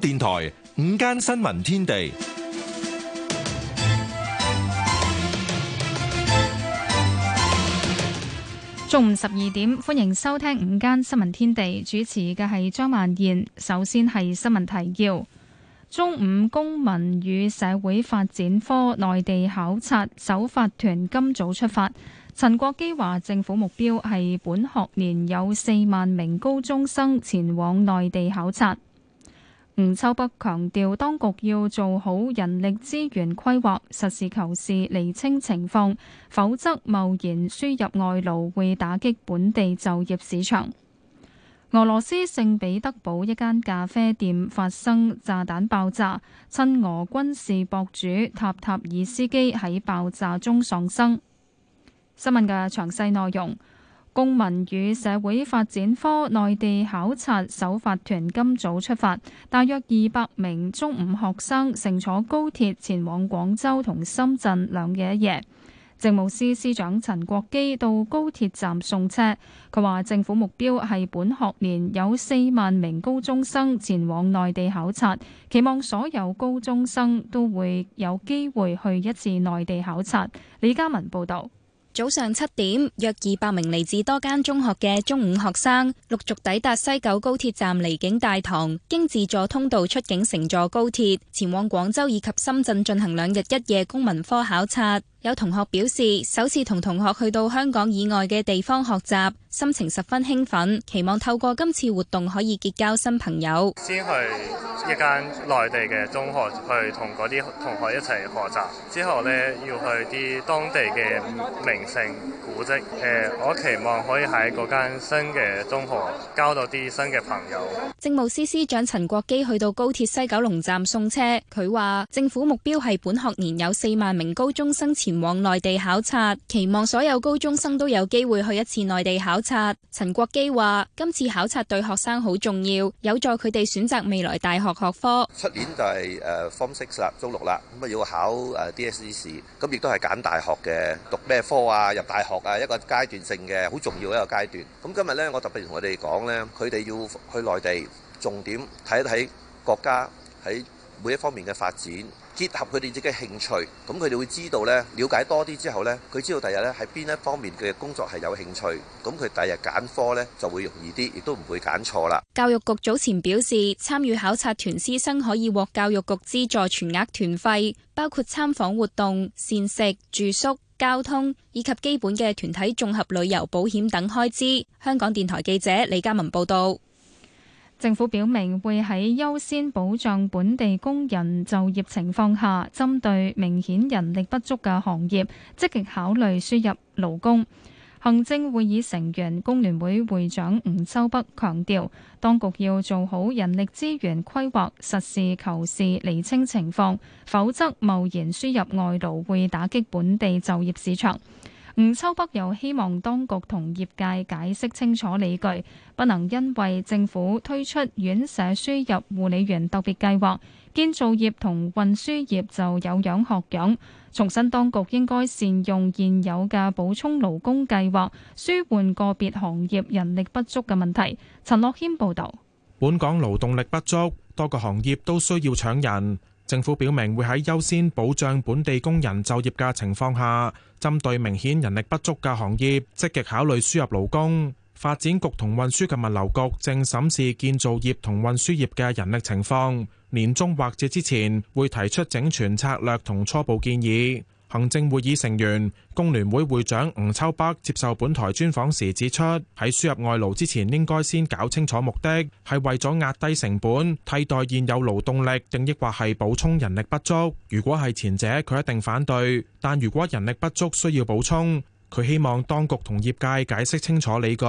電台午間新聞天地，中午十二點，歡迎收聽午間新聞天地。主持嘅係張萬燕。首先係新聞提要：中午，公民與社會發展科內地考察首發團今早出發。陳國基話，政府目標係本學年有四萬名高中生前往內地考察。吳秋北強調，當局要做好人力資源規劃，實事求是釐清情況，否則貿然輸入外勞會打擊本地就業市場。俄羅斯聖彼得堡一間咖啡店發生炸彈爆炸，親俄軍事博主塔塔爾斯基喺爆炸中喪生。新聞嘅詳細內容。公民與社會發展科內地考察首發團今早出發，大約二百名中五學生乘坐高鐵前往廣州同深圳兩日一夜。政務司司長陳國基到高鐵站送車，佢話政府目標係本學年有四萬名高中生前往內地考察，期望所有高中生都會有機會去一次內地考察。李嘉文報導。早上七點，約二百名嚟自多間中學嘅中五學生陸續抵達西九高鐵站離境大堂，經自助通道出境，乘坐高鐵前往廣州以及深圳進行兩日一夜公民科考察。有同學表示，首次同同學去到香港以外嘅地方學習，心情十分興奮，期望透過今次活動可以結交新朋友。先去一間內地嘅中學去同嗰啲同學一齊學習，之後呢要去啲當地嘅名勝古蹟。誒，我期望可以喺嗰間新嘅中學交到啲新嘅朋友。政務司司長陳國基去到高鐵西九龍站送車，佢話政府目標係本學年有四萬名高中生前前往內地考察，期望所有高中生都有機會去一次內地考察。陳國基話：今次考察對學生好重要，有助佢哋選擇未來大學學科。出年就係誒 form six 啦，中六啦，咁啊要考誒 DSE 試，咁亦都係揀大學嘅，讀咩科啊，入大學啊，一個階段性嘅好重要一個階段。咁今日咧，我特別同佢哋講咧，佢哋要去內地重點睇一睇國家喺每一方面嘅發展。結合佢哋自己嘅興趣，咁佢哋會知道呢。了解多啲之後呢，佢知道第日呢喺邊一方面佢嘅工作係有興趣，咁佢第日揀科呢就會容易啲，亦都唔會揀錯啦。教育局早前表示，參與考察團師生可以獲教育局資助全額團費，包括參訪活動、膳食、住宿、交通以及基本嘅團體綜合旅遊保險等開支。香港電台記者李嘉文報道。政府表明會喺優先保障本地工人就業情況下，針對明顯人力不足嘅行業，積極考慮輸入勞工。行政會議成員工聯會會長吳秋北強調，當局要做好人力資源規劃，實事求是厘清情況，否則貿然輸入外勞會打擊本地就業市場。吳秋北又希望當局同業界解釋清楚理據，不能因為政府推出院舍輸入護理員特別計劃，建造業同運輸業就有樣學樣。重申當局應該善用現有嘅補充勞工計劃，舒緩個別行業人力不足嘅問題。陳樂謙報道。本港勞動力不足，多個行業都需要搶人。政府表明會喺優先保障本地工人就業嘅情況下，針對明顯人力不足嘅行業，積極考慮輸入勞工。發展局同運輸及物流局正審視建造業同運輸業嘅人力情況，年終或者之前會提出整全策略同初步建議。行政會議成員工聯會會長吳秋北接受本台專訪時指出，喺輸入外勞之前應該先搞清楚目的，係為咗壓低成本，替代現有勞動力，定抑或係補充人力不足？如果係前者，佢一定反對；但如果人力不足需要補充，佢希望當局同業界解釋清楚理據。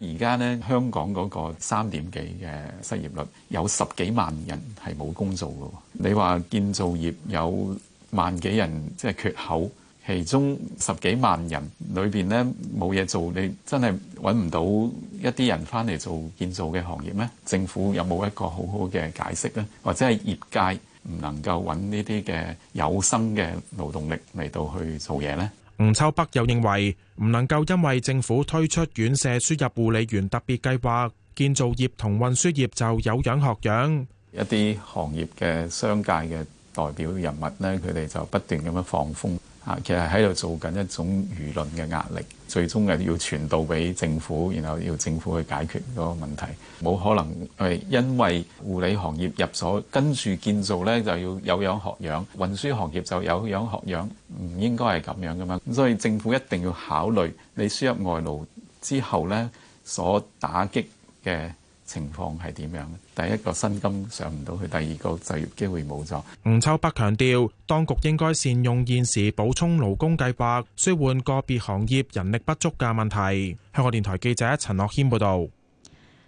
而家呢，香港嗰個三點幾嘅失業率，有十幾萬人係冇工做㗎。你話建造業有萬幾人即係缺口，其中十幾萬人裏邊咧冇嘢做，你真係揾唔到一啲人翻嚟做建造嘅行業咩？政府有冇一個好好嘅解釋咧？或者係業界唔能夠揾呢啲嘅有生嘅勞動力嚟到去做嘢咧？吳秋北又認為唔能夠因為政府推出院舍輸入護理員特別計劃，建造業同運輸業就有樣學樣，一啲行業嘅商界嘅。代表人物呢，佢哋就不斷咁樣放風，啊，其實喺度做緊一種輿論嘅壓力，最終係要傳導俾政府，然後要政府去解決嗰個問題，冇可能係因為護理行業入咗跟住建造呢，就要有樣學樣，運輸行業就有樣學樣，唔應該，係咁樣噶嘛。所以政府一定要考慮你輸入外勞之後呢，所打擊嘅。情況係點樣？第一個薪金上唔到去，第二個就業機會冇咗。吳秋北強調，當局應該善用現時補充勞工計劃，舒緩個別行業人力不足嘅問題。香港電台記者陳樂軒報導。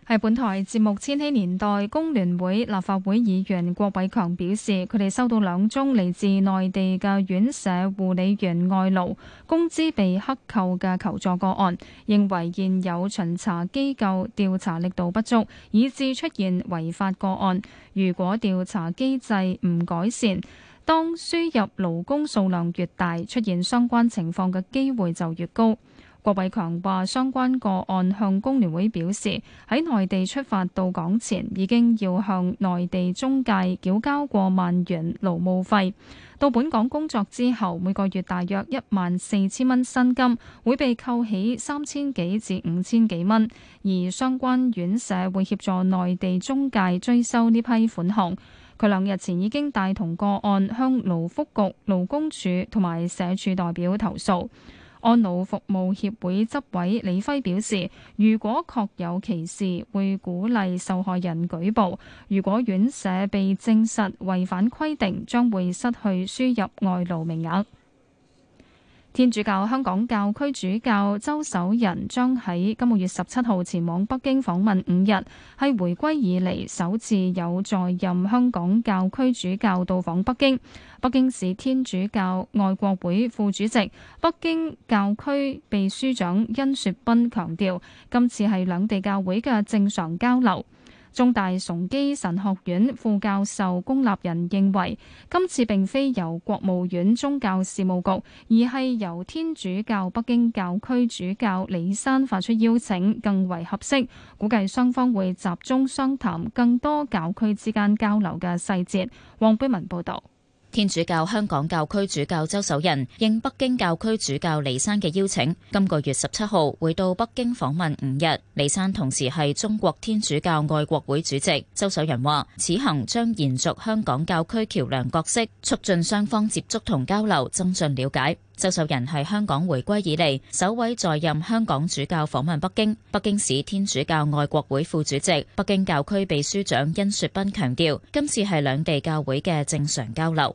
係本台節目《千禧年代》，工聯會立法會議員郭偉強表示，佢哋收到兩宗嚟自內地嘅院舍護理員外勞工資被克扣嘅求助個案，認為現有巡查機構調查力度不足，以致出現違法個案。如果調查機制唔改善，當輸入勞工數量越大，出現相關情況嘅機會就越高。郭偉強話：相關個案向工聯會表示，喺內地出發到港前已經要向內地中介繳交過萬元勞務費，到本港工作之後每個月大約一萬四千蚊薪金會被扣起三千幾至五千幾蚊，而相關院社會協助內地中介追收呢批款項。佢兩日前已經帶同個案向勞福局、勞工處同埋社署代表投訴。安老服務協會執委李輝表示，如果確有歧視，會鼓勵受害人舉報；如果院舍被證實違反規定，將會失去輸入外勞名額。天主教香港教區主教周守仁將喺今個月十七號前往北京訪問五日，係回歸以嚟，首次有在任香港教區主教到訪北京。北京市天主教愛國會副主席、北京教區秘書長殷雪斌強調，今次係兩地教會嘅正常交流。中大崇基神學院副教授龔立人認為今次並非由國務院宗教事務局，而係由天主教北京教區主教李山發出邀請更為合適，估計雙方會集中商談更多教區之間交流嘅細節，黃貝文報道。天主教香港教區主教周守仁應北京教區主教李山嘅邀請，今個月十七號會到北京訪問五日。李山同時係中國天主教愛國會主席。周守仁話：此行將延續香港教區橋樑角色，促進雙方接觸同交流，增進了解。周守仁係香港回歸以嚟首位在任香港主教訪問北京。北京市天主教愛國會副主席、北京教區秘書長殷雪斌強調，今次係兩地教會嘅正常交流。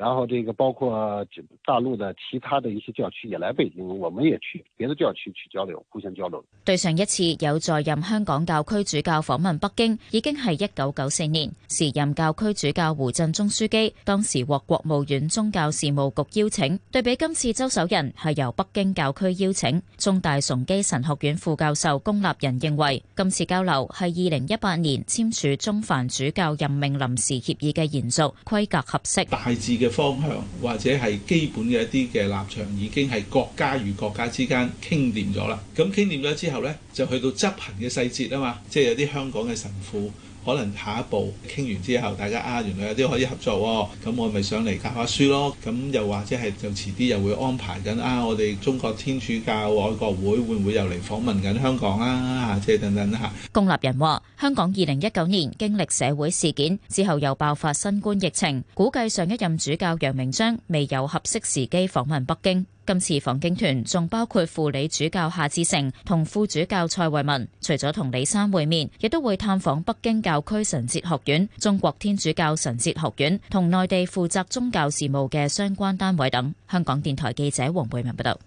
然後這個包括大陸的其他的一些教區也來北京，我們也去別的教區去交流，互相交流。對上一次有在任香港教區主教訪問北京，已經係一九九四年，時任教區主教胡振中樞機，當時獲國務院宗教事務局邀請。對比今次周守仁係由北京教區邀請，中大崇基神學院副教授龔立人認為，今次交流係二零一八年簽署中梵主教任命臨時協議嘅延續，規格合適。大致嘅。方向或者係基本嘅一啲嘅立場，已經係國家與國家之間傾掂咗啦。咁傾掂咗之後咧，就去到執行嘅細節啊嘛，即係有啲香港嘅神父。可能下一步傾完之後，大家啊原來有啲可以合作喎，咁我咪上嚟教下書咯。咁又或者係就遲啲又會安排緊啊，我哋中國天主教愛國會會唔會又嚟訪問緊香港啊？即係等等啦。公立人話：香港二零一九年經歷社會事件之後，又爆發新冠疫情，估計上一任主教楊明章未有合適時機訪問北京。今次訪京團仲包括副理主教夏志誠同副主教蔡慧文，除咗同李生會面，亦都會探訪北京教區神哲學院、中國天主教神哲學院同內地負責宗教事務嘅相關單位等。香港電台記者黃惠文報道。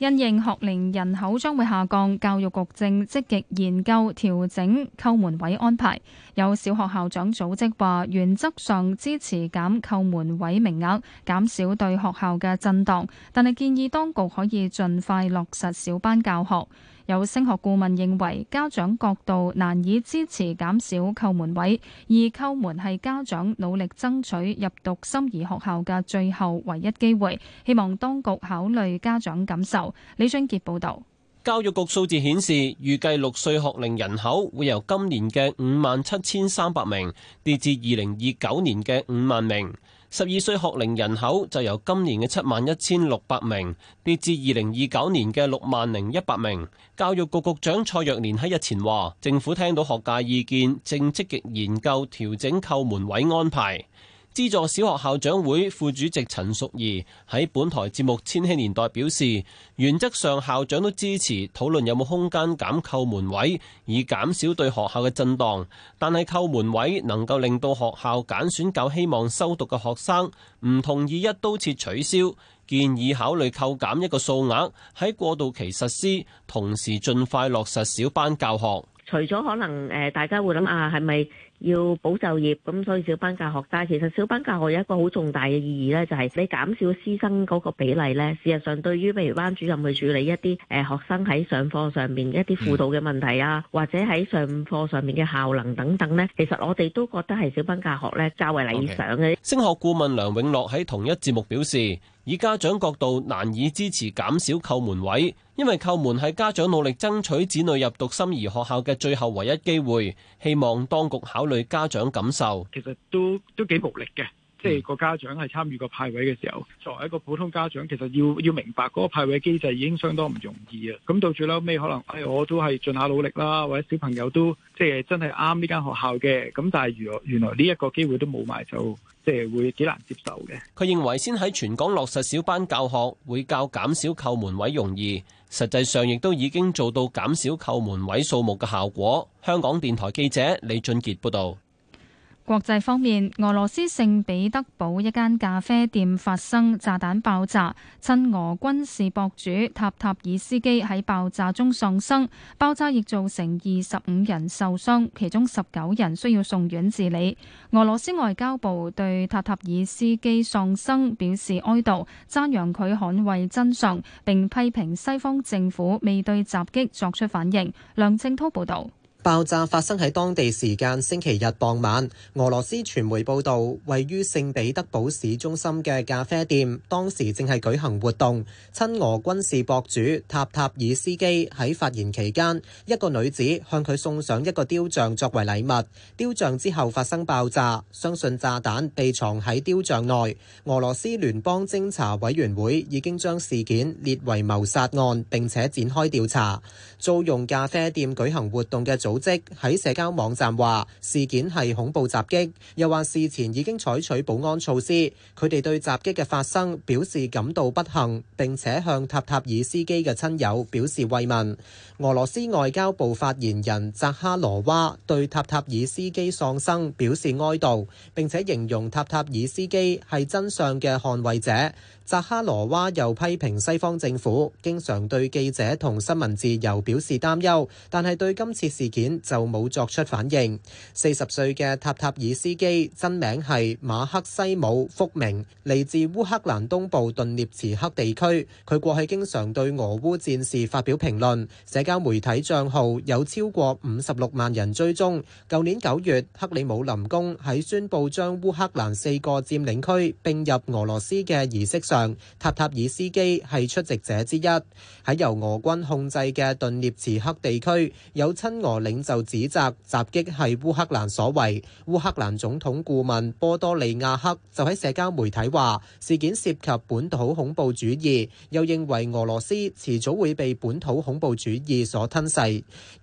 因應學齡人口將會下降，教育局正積極研究調整扣門位安排。有小學校長組織話，原則上支持減扣門位名額，減少對學校嘅震盪，但係建議當局可以盡快落實小班教學。有升學顧問認為，家長角度難以支持減少叩門位，而叩門係家長努力爭取入讀心儀學校嘅最後唯一機會。希望當局考慮家長感受。李俊杰報道。教育局數字顯示，預計六歲學齡人口會由今年嘅五萬七千三百名跌至二零二九年嘅五萬名。十二歲學齡人口就由今年嘅七萬一千六百名跌至二零二九年嘅六萬零一百名。教育局局長蔡若蓮喺日前話，政府聽到學界意見，正積極研究調整扣門位安排。資助小學校長會副主席陳淑儀喺本台節目《千禧年代》表示，原則上校長都支持討論有冇空間減扣門位，以減少對學校嘅震盪。但係扣門位能夠令到學校揀選較希望修讀嘅學生，唔同意一刀切取消，建議考慮扣減一個數額喺過渡期實施，同時盡快落實小班教學。除咗可能誒，大家會諗啊，係咪？要保就業，咁所以小班教學。但係其實小班教學有一個好重大嘅意義咧，就係、是、你減少師生嗰個比例咧，事實上對於譬如班主任去處理一啲誒學生喺上課上面一啲輔導嘅問題啊，或者喺上課上面嘅、嗯、效能等等咧，其實我哋都覺得係小班教學咧較為理想嘅。升、okay. 學顧問梁永樂喺同一節目表示。以家長角度難以支持減少叩門位，因為叩門係家長努力爭取子女入讀心儀學校嘅最後唯一機會，希望當局考慮家長感受。其實都都幾無力嘅。即係個家長係參與個派位嘅時候，作為一個普通家長，其實要要明白嗰個派位機制已經相當唔容易啊！咁到最後尾，可能誒我都係盡下努力啦，或者小朋友都即係真係啱呢間學校嘅。咁但係原來原來呢一個機會都冇埋，就即係會幾難接受嘅。佢認為先喺全港落實小班教學，會較減少扣門位容易。實際上亦都已經做到減少扣門位數目嘅效果。香港電台記者李俊傑報導。國際方面，俄羅斯聖彼得堡一間咖啡店發生炸彈爆炸，親俄軍事博主塔塔爾斯基喺爆炸中喪生，爆炸亦造成二十五人受傷，其中十九人需要送院治理。俄羅斯外交部對塔塔爾斯基喪生表示哀悼，讚揚佢捍衛真相，並批評西方政府未對襲擊作出反應。梁正濤報道。爆炸發生喺當地時間星期日傍晚。俄羅斯傳媒報道，位於聖彼得堡市中心嘅咖啡店當時正係舉行活動，親俄軍事博主塔塔爾斯基喺發言期間一個女子向佢送上一個雕像作為禮物。雕像之後發生爆炸，相信炸彈被藏喺雕像內俄羅斯聯邦偵查委員會已經將事件列為謀殺案並且展開調查。租用咖啡店舉行活動嘅組織喺社交網站話事件係恐怖襲擊，又話事前已經採取保安措施。佢哋對襲擊嘅發生表示感到不幸，並且向塔塔爾斯基嘅親友表示慰問。俄羅斯外交部發言人扎哈羅娃對塔塔爾斯基喪生表示哀悼，並且形容塔塔爾斯基係真相嘅捍衞者。扎哈羅娃又批評西方政府經常對記者同新聞自由表示擔憂，但係對今次事件就冇作出反應。四十歲嘅塔塔爾斯基真名係馬克西姆·福明，嚟自烏克蘭東部頓涅茨克地區，佢過去經常對俄烏戰事發表評論，社交媒體賬號有超過五十六萬人追蹤。舊年九月，克里姆林宮喺宣布將烏克蘭四個佔領區併入俄羅斯嘅儀式上。塔塔爾斯基係出席者之一。喺由俄軍控制嘅頓涅茨克地區，有親俄領袖指責襲擊係烏克蘭所為。烏克蘭總統顧問波多利亞克就喺社交媒體話，事件涉及本土恐怖主義，又認為俄羅斯遲早會被本土恐怖主義所吞噬。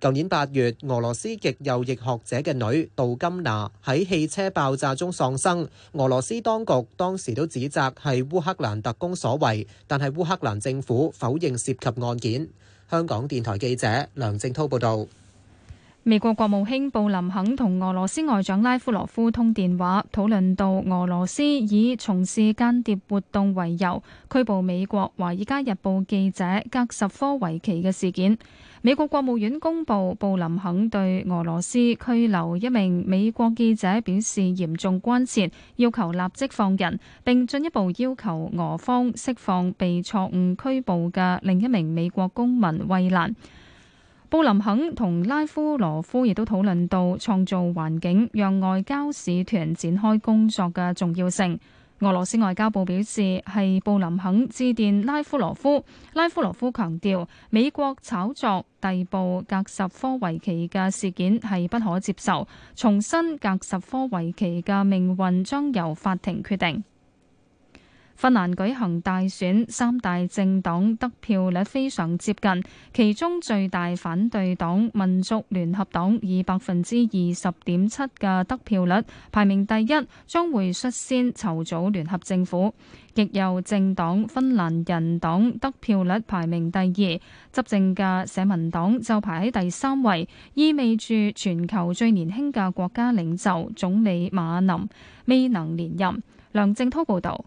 舊年八月，俄羅斯極右翼學者嘅女杜金娜喺汽車爆炸中喪生。俄羅斯當局當時都指責係烏克蘭特工所為，但係烏克蘭政府否認涉及案件。香港電台記者梁正滔報導。美國國務卿布林肯同俄羅斯外長拉夫羅夫通電話，討論到俄羅斯以從事間諜活動為由拘捕美國《華爾街日報》記者格什科維奇嘅事件。美國國務院公佈，布林肯對俄羅斯拘留一名美國記者表示嚴重關切，要求立即放人，並進一步要求俄方釋放被錯誤拘捕嘅另一名美國公民惠蘭。布林肯同拉夫羅夫亦都討論到創造環境讓外交使團展開工作嘅重要性。俄羅斯外交部表示，係布林肯致電拉夫羅夫，拉夫羅夫強調美國炒作逮捕格什科維奇嘅事件係不可接受，重申格什科維奇嘅命運將由法庭決定。芬蘭舉行大選，三大政黨得票率非常接近，其中最大反對黨民族聯合黨以百分之二十點七嘅得票率排名第一，將會率先籌組聯合政府。極右政黨芬蘭人黨得票率排名第二，執政嘅社民黨就排喺第三位，意味住全球最年輕嘅國家領袖總理馬林未能連任。梁正滔報導。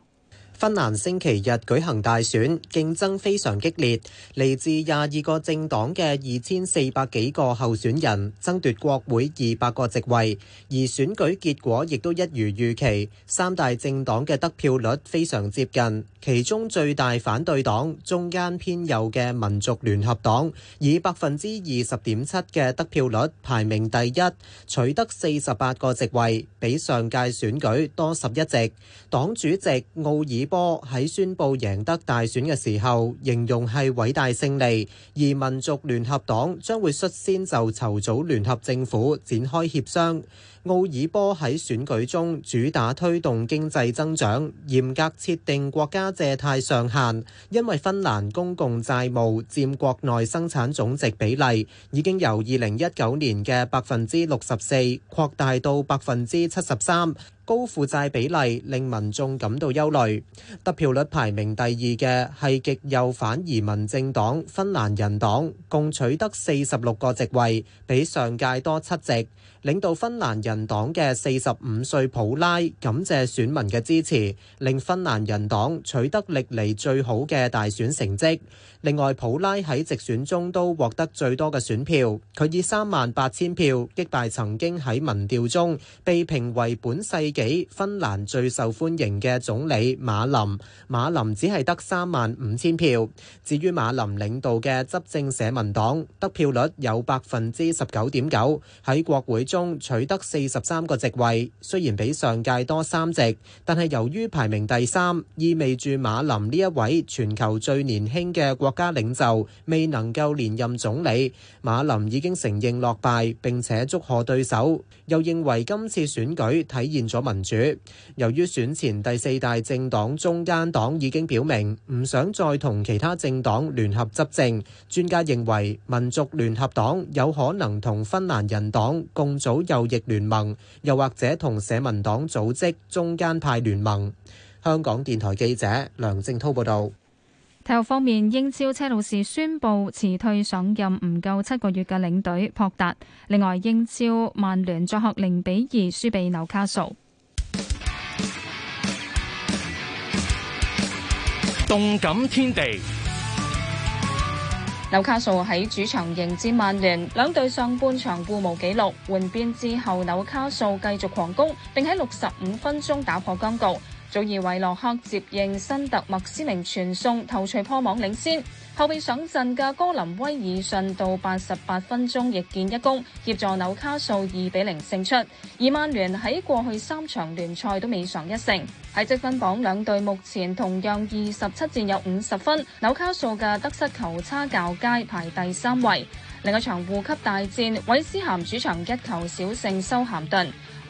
芬蘭星期日舉行大選，競爭非常激烈，嚟自廿二個政黨嘅二千四百幾個候選人爭奪國會二百個席位，而選舉結果亦都一如預期，三大政黨嘅得票率非常接近。其中最大反對黨中間偏右嘅民族聯合黨以百分之二十點七嘅得票率排名第一，取得四十八個席位，比上屆選舉多十一席。黨主席奧爾波喺宣布贏得大選嘅時候，形容係偉大勝利，而民族聯合黨將會率先就籌組聯合政府展開協商。奧爾波喺選舉中主打推動經濟增長，嚴格設定國家借貸上限，因為芬蘭公共債務佔國內生產總值比例已經由二零一九年嘅百分之六十四擴大到百分之七十三。高負債比例令民眾感到憂慮，得票率排名第二嘅係極右反移民政黨芬蘭人黨共取得四十六個席位，比上屆多七席。領導芬蘭人黨嘅四十五歲普拉感謝選民嘅支持，令芬蘭人黨取得歷嚟最好嘅大選成績。另外，普拉喺直選中都獲得最多嘅選票，佢以三萬八千票擊敗曾經喺民調中被評為本世嘅。比芬蘭最受歡迎嘅總理馬林，馬林只係得三萬五千票。至於馬林領導嘅執政社民黨得票率有百分之十九點九，喺國會中取得四十三個席位。雖然比上屆多三席，但係由於排名第三，意味住馬林呢一位全球最年輕嘅國家領袖未能夠連任總理。馬林已經承認落敗，並且祝賀對手，又認為今次選舉體現咗。民主。由於選前第四大政黨中間黨已經表明唔想再同其他政黨聯合執政，專家認為民族聯合黨有可能同芬蘭人黨共組右翼聯盟，又或者同社民黨組織中間派聯盟。香港電台記者梁正滔報導。體育方面，英超車路士宣布辭退上任唔夠七個月嘅領隊博達。另外，英超曼聯作客零比二輸俾紐卡素。動感天地，紐卡素喺主場迎戰曼聯，兩隊上半場互無紀錄，換邊之後紐卡素繼續狂攻，並喺六十五分鐘打破僵局。早已為洛克接應，新特麥斯寧傳送，頭槌破網領先。後備上陣嘅哥林威爾遜到八十八分鐘亦建一功，協助紐卡素二比零勝出。而曼聯喺過去三場聯賽都未嘗一勝，喺積分榜兩隊目前同樣二十七戰有五十分，紐卡素嘅得失球差較佳，排第三位。另一場護級大戰，韋斯咸主場一球小勝修咸頓。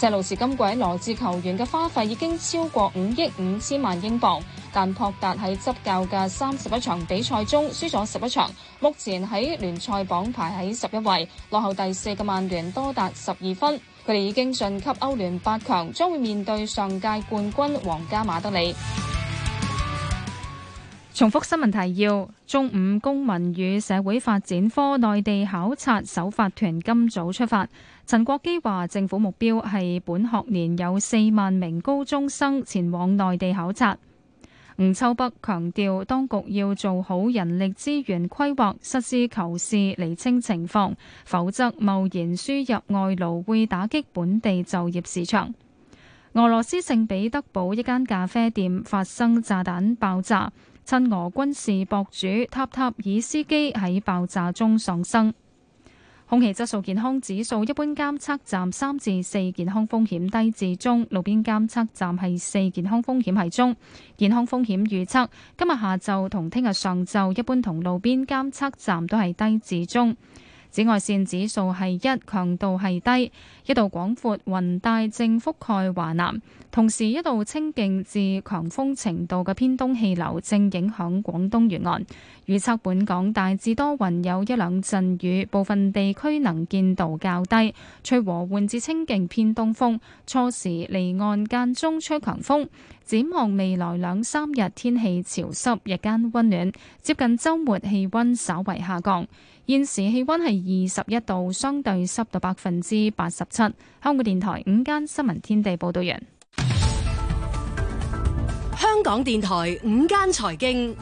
車路士今季羅致球員嘅花費已經超過五億五千萬英鎊，但普達喺執教嘅三十一場比賽中輸咗十一場，目前喺聯賽榜排喺十一位，落後第四嘅曼聯多達十二分。佢哋已經晉級歐聯八強，將會面對上屆冠軍皇家馬德里。重複新聞提要：中午，公民與社會發展科內地考察首發團今早出發。陳國基話，政府目標係本學年有四萬名高中生前往內地考察。吳秋北強調，當局要做好人力資源規劃，實事求是厘清情況，否則貿然輸入外勞會打擊本地就業市場。俄羅斯聖彼得堡一間咖啡店發生炸彈爆炸。親俄軍事博主塔塔爾斯基喺爆炸中喪生。空氣質素健康指數一般監測站三至四，健康風險低至中，路邊監測站係四，健康風險係中。健康風險預測，今日下晝同聽日上晝一般同路邊監測站都係低至中。紫外線指數係一，強度係低。一道廣闊雲帶正覆蓋華南，同時一道清勁至強風程度嘅偏東氣流正影響廣東沿岸。預測本港大致多雲，有一兩陣雨，部分地區能見度較低。吹和緩至清勁偏東風，初時離岸間中吹強風。展望未來兩三日天氣潮濕，日間温暖，接近週末氣温稍為下降。現時氣溫係二十一度，相對濕度百分之八十七。香港電台午間新聞天地報道完，香港電台午間財經。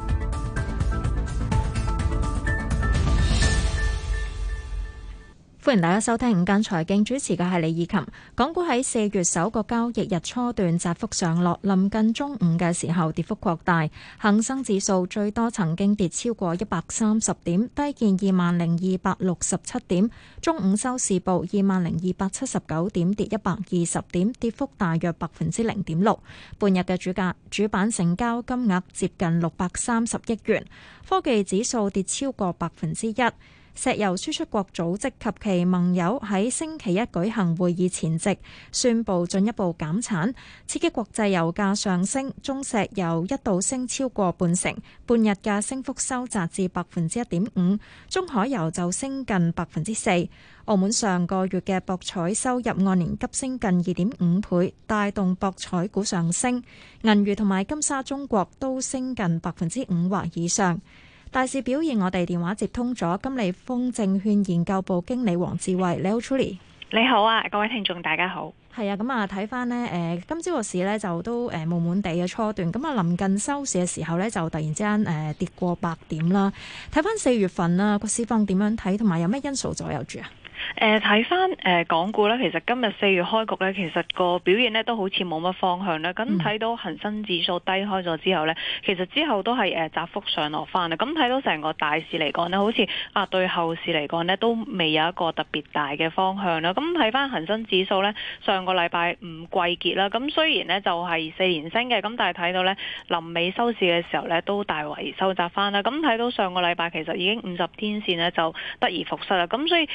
歡迎大家收聽午間財經，主持嘅係李以琴。港股喺四月首個交易日初段窄幅上落，臨近中午嘅時候跌幅擴大，恒生指數最多曾經跌超過一百三十點，低見二萬零二百六十七點，中午收市報二萬零二百七十九點，跌一百二十點，跌幅大約百分之零點六。半日嘅主價主板成交金額接近六百三十億元，科技指數跌超過百分之一。石油輸出國組織及其盟友喺星期一舉行會議前夕，宣佈進一步減產，刺激國際油價上升。中石油一度升超過半成，半日嘅升幅收窄至百分之一點五。中海油就升近百分之四。澳門上個月嘅博彩收入按年急升近二點五倍，帶動博彩股上升。銀娛同埋金沙中國都升近百分之五或以上。大市表現，我哋電話接通咗金利豐證券研究部經理黃志慧，你好，Truly。Tr 你好啊，各位聽眾，大家好。係啊，咁啊，睇翻呢，誒，今朝個市呢，就都誒悶悶地嘅初段，咁啊臨近收市嘅時候呢，就突然之間誒、呃、跌過百點啦。睇翻四月份啊，個市況點樣睇，同埋有咩因素左右住啊？誒，睇翻誒港股咧，其實今日四月開局咧，其實個表現咧都好似冇乜方向咧。咁睇、嗯、到恒生指數低開咗之後咧，其實之後都係誒窄幅上落翻啦。咁睇到成個大市嚟講咧，好似啊對後市嚟講咧都未有一個特別大嘅方向啦。咁睇翻恒生指數咧，上個禮拜五季結啦。咁雖然咧就係、是、四連升嘅，咁但係睇到咧臨尾收市嘅時候咧都大為收窄翻啦。咁睇到上個禮拜其實已經五十天線咧就得而復失啦。咁所以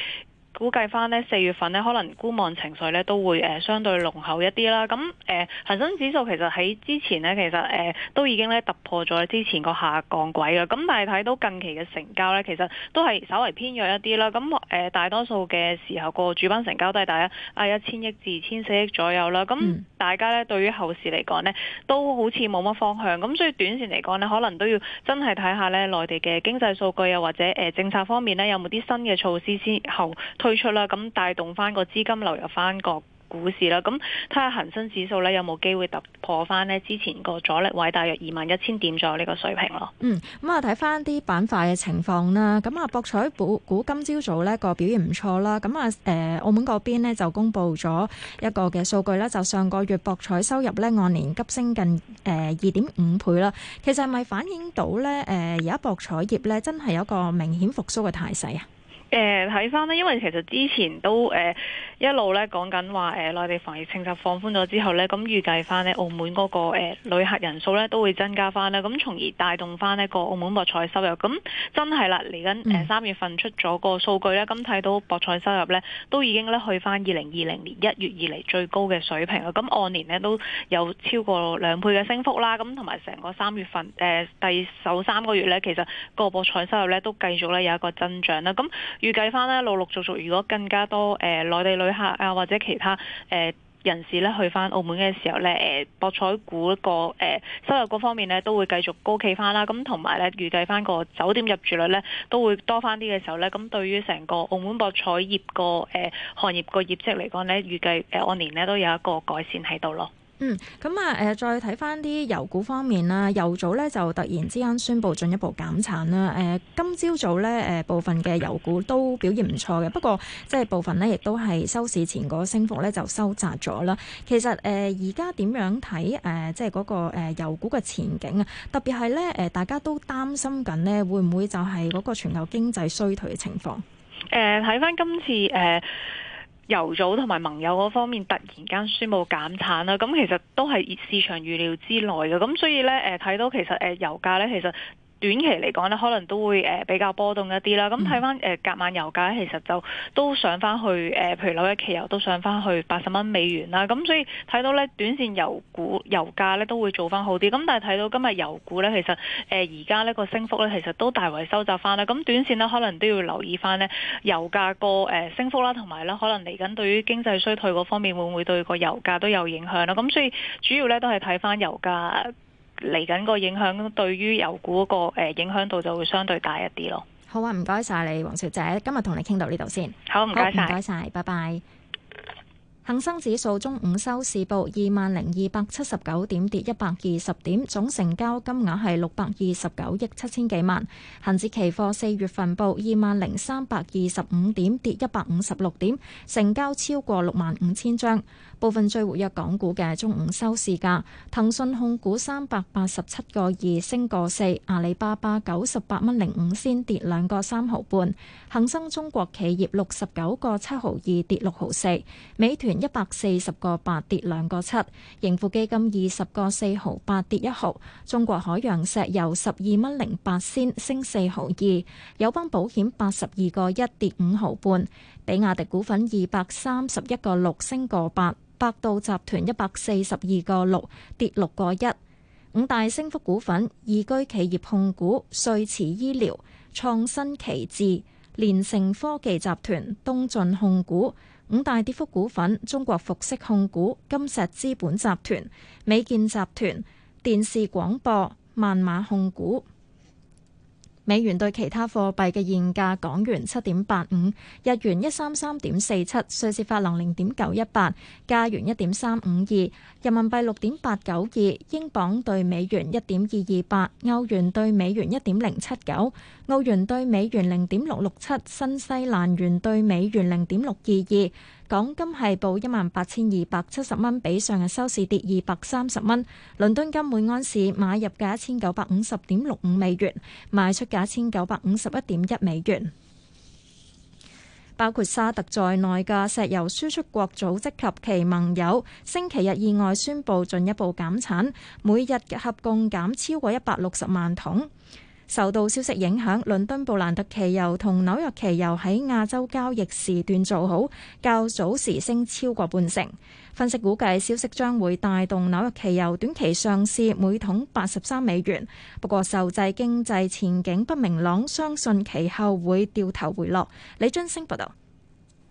估計返呢四月份呢，可能觀望情緒呢都會誒相對濃厚一啲啦。咁誒恆生指數其實喺之前呢，其實誒、呃、都已經咧突破咗之前個下降軌啦。咁但係睇到近期嘅成交呢，其實都係稍為偏弱一啲啦。咁誒、呃、大多數嘅時候個主板成交都係大一、大一千億至千四億左右啦。咁大家呢，對於後市嚟講呢，都好似冇乜方向。咁所以短線嚟講呢，可能都要真係睇下呢內地嘅經濟數據啊，或者誒、呃、政策方面呢，有冇啲新嘅措施之後，推出啦，咁帶動翻個資金流入翻個股市啦。咁睇下恒生指數咧，有冇機會突破翻呢之前個阻力位，大約二萬一千點左右呢個水平咯。嗯，咁啊睇翻啲板塊嘅情況啦。咁啊博彩股今朝早呢個表現唔錯啦。咁啊誒，澳門嗰邊咧就公布咗一個嘅數據咧，就上個月博彩收入呢，按年急升近誒二點五倍啦。其實係咪反映到呢，誒，而家博彩業呢，真係有一個明顯復甦嘅態勢啊？誒睇翻咧，因為其實之前都誒一路咧講緊話誒內地防疫政策放寬咗之後咧，咁預計翻呢澳門嗰個誒旅客人數咧都會增加翻咧，咁從而帶動翻呢個澳門博彩收入。咁真係啦，嚟緊誒三月份出咗個數據咧，咁睇、嗯、到博彩收入咧都已經咧去翻二零二零年一月以嚟最高嘅水平啊！咁按年咧都有超過兩倍嘅升幅啦，咁同埋成個三月份誒第首三個月咧，其實個博彩收入咧都繼續咧有一個增長啦。咁預計返呢，陸陸續續，如果更加多誒、呃、內地旅客啊或者其他誒、呃、人士咧去返澳門嘅時候呢誒、呃、博彩股個誒、呃、收入嗰方面呢都會繼續高企翻啦。咁同埋呢預計返個酒店入住率呢都會多返啲嘅時候呢。咁對於成個澳門博彩業個誒、呃、行業個業績嚟講呢，預計誒按、呃、年呢都有一個改善喺度咯。嗯，咁啊，誒，再睇翻啲油股方面啦，油早咧就突然之間宣佈進一步減產啦，誒，今朝早咧，誒，部分嘅油股都表現唔錯嘅，不過即係部分咧，亦都係收市前嗰個升幅咧就收窄咗啦。其實誒，而家點樣睇誒，即係嗰個誒油股嘅前景啊？特別係咧，誒，大家都擔心緊呢會唔會就係嗰個全球經濟衰退嘅情況？誒、呃，睇翻今次誒。呃油組同埋盟友嗰方面突然間宣布減產啦，咁其實都係市場預料之內嘅，咁所以呢，誒睇到其實誒油價呢，其實。短期嚟講呢，可能都會誒、呃、比較波動一啲啦。咁睇翻誒隔晚油價，其實就都上翻去誒、呃，譬如紐約期油都上翻去八十蚊美元啦。咁所以睇到咧，短線油股油價咧都會做翻好啲。咁但係睇到今日油股咧，其實誒而家呢、這個升幅咧，其實都大為收窄翻啦。咁短線呢，可能都要留意翻咧油價個誒升幅啦，同埋咧可能嚟緊對於經濟衰退嗰方面，會唔會對個油價都有影響啦？咁所以主要咧都係睇翻油價。嚟緊個影響對於油股個誒影響度就會相對大一啲咯。好啊，唔該晒你，黃小姐，今日同你傾到呢度先。好，唔該晒。唔該曬，拜拜。恒生指數中午收市報二萬零二百七十九點，跌一百二十點，總成交金額係六百二十九億七千幾萬。恒指期貨四月份報二萬零三百二十五點，跌一百五十六點，成交超過六萬五千張。部分最活躍港股嘅中午收市價：騰訊控股三百八十七個二升個四，阿里巴巴九十八蚊零五仙跌兩個三毫半，恒生中國企業六十九個七毫二跌六毫四，美團。一百四十個八跌兩個七，盈富基金二十個四毫八跌一毫，中國海洋石油十二蚊零八仙升四毫二，友邦保險八十二個一跌五毫半，比亞迪股份二百三十一個六升個八，百度集團一百四十二個六跌六個一，五大升幅股份：易居企業控股、瑞慈醫療、創新奇智、連成科技集團、東進控股。五大跌幅股份：中國服飾控股、金石資本集團、美建集團、電視廣播、萬馬控股。美元兌其他貨幣嘅現價：港元七點八五，日元一三三點四七，瑞士法郎零點九一八，加元一點三五二，人民幣六點八九二，英鎊對美元一點二二八，歐元對美元一點零七九，澳元對美元零點六六七，新西蘭元對美元零點六二二。港金係報一萬八千二百七十蚊，比上日收市跌二百三十蚊。倫敦金每安士買入價一千九百五十點六五美元，賣出價一千九百五十一點一美元。包括沙特在內嘅石油輸出國組織及其盟友星期日意外宣布進一步減產，每日嘅合共減超過一百六十萬桶。受到消息影響，倫敦布蘭特期油同紐約期油喺亞洲交易時段做好，較早時升超過半成。分析估計消息將會帶動紐約期油短期上試每桶八十三美元，不過受制經濟前景不明朗，相信其後會掉頭回落。李津升報道。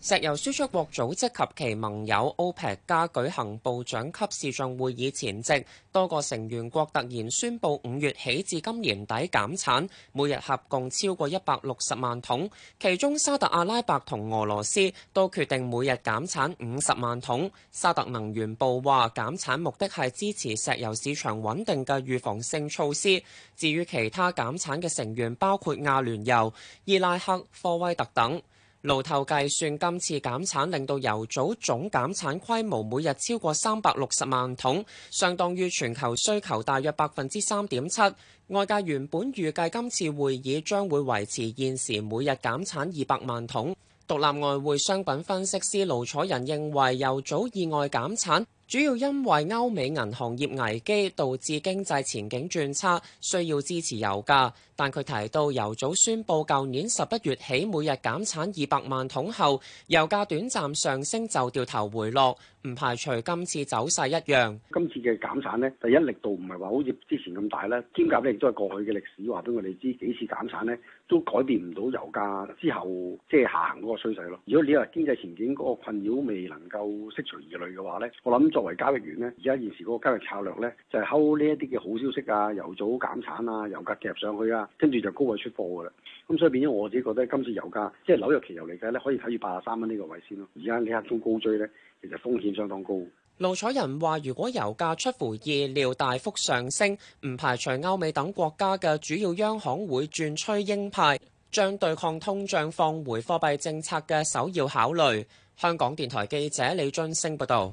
石油輸出國組織及其盟友 OPEC 加舉行部長級視像會議前夕，多個成員國突然宣布五月起至今年底減產，每日合共超過一百六十萬桶。其中沙特阿拉伯同俄羅斯都決定每日減產五十萬桶。沙特能源部話減產目的係支持石油市場穩定嘅預防性措施。至於其他減產嘅成員包括阿聯酋、伊拉克、科威特等。路透計算，今次減產令到油組總減產規模每日超過三百六十萬桶，相當於全球需求大約百分之三點七。外界原本預計今次會議將會維持現時每日減產二百萬桶。獨立外匯商品分析師盧楚仁認為，油組意外減產。主要因為歐美銀行業危機導致經濟前景轉差，需要支持油價。但佢提到，油組宣布舊年十一月起每日減產二百萬桶後，油價短暫上升就掉頭回落，唔排除今次走勢一樣。今次嘅減產呢，第一力度唔係話好似之前咁大呢，兼夾咧，亦都係過去嘅歷史話俾我哋知，幾次減產呢，都改變唔到油價之後即係、就是、下行嗰個趨勢咯。如果你話經濟前景嗰個困擾未能夠釋除而來嘅話呢，我諗。作為交易員咧，而家現時嗰個交易策略呢，就係睺呢一啲嘅好消息啊，油早減產啊，油價夾上去啊，跟住就高位出貨㗎啦。咁所以變咗我自己覺得今次油價即係紐約期油嚟計呢，可以睇住八十三蚊呢個位先咯。而家呢一刻高追呢，其實風險相當高。盧彩仁話，如果油價出乎意料大幅上升，唔排除歐美等國家嘅主要央行會轉趨鷹派，將對抗通脹放回貨幣政策嘅首要考慮。香港電台記者李俊升報導。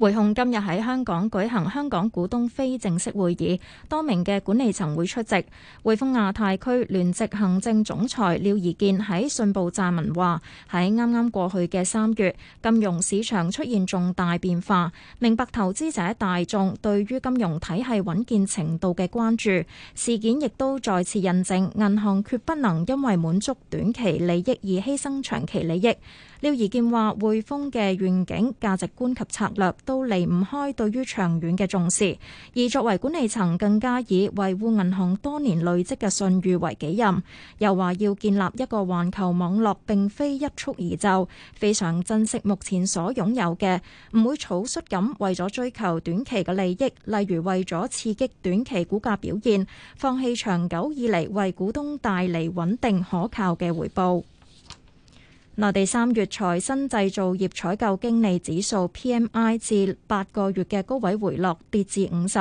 匯控今日喺香港舉行香港股東非正式會議，多名嘅管理層會出席。滙豐亞太區聯席行政總裁廖宜健喺信報撰文話：喺啱啱過去嘅三月，金融市場出現重大變化，明白投資者大眾對於金融體系穩健程度嘅關注。事件亦都再次印證，銀行決不能因為滿足短期利益而犧牲長期利益。廖宜健話匯豐嘅願景、價值觀及策略都離唔開對於長遠嘅重視，而作為管理層更加以維護銀行多年累積嘅信譽為己任。又話要建立一個環球網絡並非一蹴而就，非常珍惜目前所擁有嘅，唔會草率咁為咗追求短期嘅利益，例如為咗刺激短期股價表現，放棄長久以嚟為股東帶嚟穩定可靠嘅回報。內地三月財新製造業採購經理指數 P M I 至八個月嘅高位回落，跌至五十。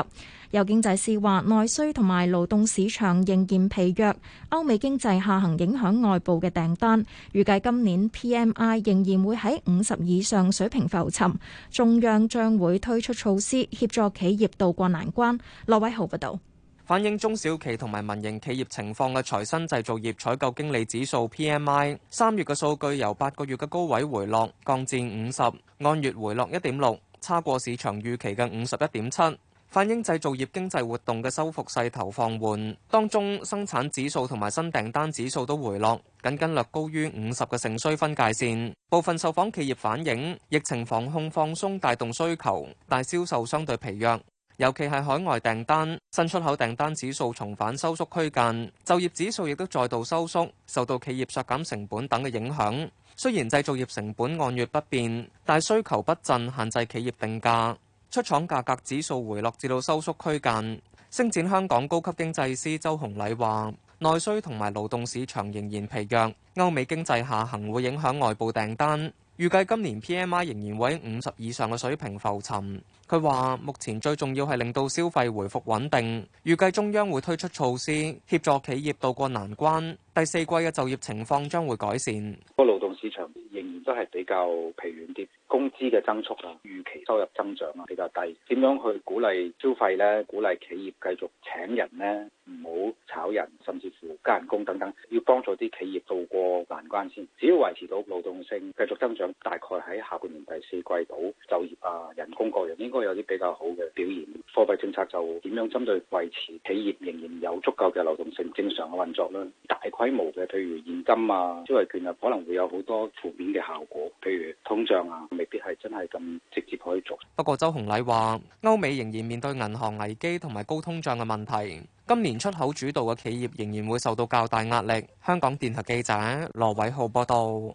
有經濟師話，內需同埋勞動市場仍然疲弱，歐美經濟下行影響外部嘅訂單。預計今年 P M I 仍然會喺五十以上水平浮沉，中央將會推出措施協助企業渡過難關。羅偉豪報道。反映中小企同埋民營企業情況嘅財新製造業採購經理指數 PMI 三月嘅數據由八個月嘅高位回落，降至五十，按月回落一點六，差過市場預期嘅五十一點七，反映製造業經濟活動嘅收復勢頭放緩。當中生產指數同埋新訂單指數都回落，僅僅略高於五十嘅盛衰分界線。部分受訪企業反映疫情防控放鬆帶動需求，但銷售相對疲弱。尤其係海外訂單、新出口訂單指數重返收縮區間，就業指數亦都再度收縮，受到企業削減成本等嘅影響。雖然製造業成本按月不變，但需求不振限制企業定價，出廠價格指數回落至到收縮區間。星展香港高級經濟師周洪禮話：內需同埋勞動市場仍然疲弱，歐美經濟下行會影響外部訂單。預計今年 PMI 仍然會喺五十以上嘅水平浮沉。佢話：目前最重要係令到消費回復穩定，預計中央會推出措施協助企業渡過難關。第四季嘅就業情況將會改善，個勞動市場仍然都係比較疲軟啲，工資嘅增速啊、預期收入增長啊比較低。點樣去鼓勵消費咧？鼓勵企業繼續請人咧，唔好炒人，甚至乎加人工等等，要幫助啲企業渡過難關先。只要維持到勞動性繼續增長，大概喺下半年第四季度就業啊、人工個人應該有啲比較好嘅表現，貨幣政策就點樣針對維持企業仍然有足夠嘅流動性正常嘅運作咧？大規。規模嘅，譬如現金啊，消費券啊，可能會有好多負面嘅效果，譬如通脹啊，未必係真係咁直接可以做。不過周洪禮話，歐美仍然面對銀行危機同埋高通脹嘅問題，今年出口主導嘅企業仍然會受到較大壓力。香港電台記者羅偉浩報道。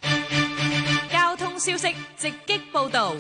交通消息直擊報道。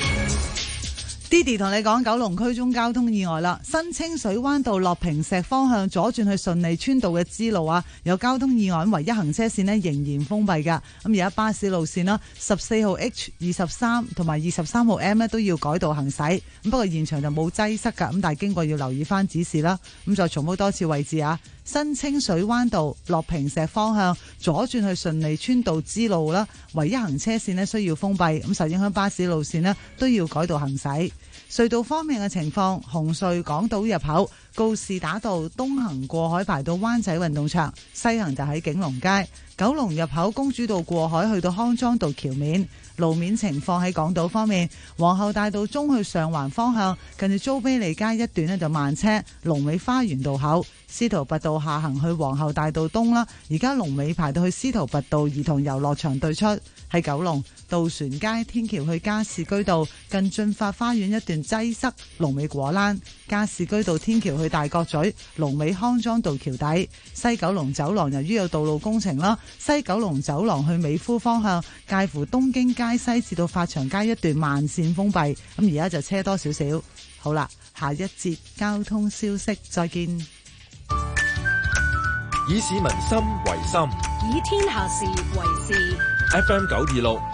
Didi 同你講九龍區中交通意外啦，新清水灣道落坪石方向左轉去順利村道嘅支路啊，有交通意外，唯一行車線咧仍然封閉噶。咁而家巴士路線啦，十四號 H 二十三同埋二十三號 M 咧都要改道行駛。咁不過現場就冇擠塞噶，咁但係經過要留意翻指示啦。咁再重複多次位置啊。新清水灣道落坪石方向左轉去順利村道支路啦，唯一行車綫咧需要封閉，咁受影響巴士路綫咧都要改道行駛。隧道方面嘅情況，紅隧港島入口告士打道東行過海排到灣仔運動場，西行就喺景隆街。九龍入口公主道過海去到康莊道橋面。路面情況喺港島方面，皇后大道中去上環方向近住租庇利街一段呢就慢車，龍尾花園道口，司徒拔道下行去皇后大道東啦，而家龍尾排到去司徒拔道兒童遊樂場對出。喺九龍渡船街天橋去加士居道近駿發花園一段擠塞，龍尾果欄；加士居道天橋去大角咀龍尾康莊道橋底，西九龍走廊由於有道路工程啦，西九龍走廊去美孚方向介乎東京街西至到發祥街一段慢綫封閉，咁而家就車多少少。好啦，下一節交通消息，再見。以市民心為心，以天下事為事。FM 九二六。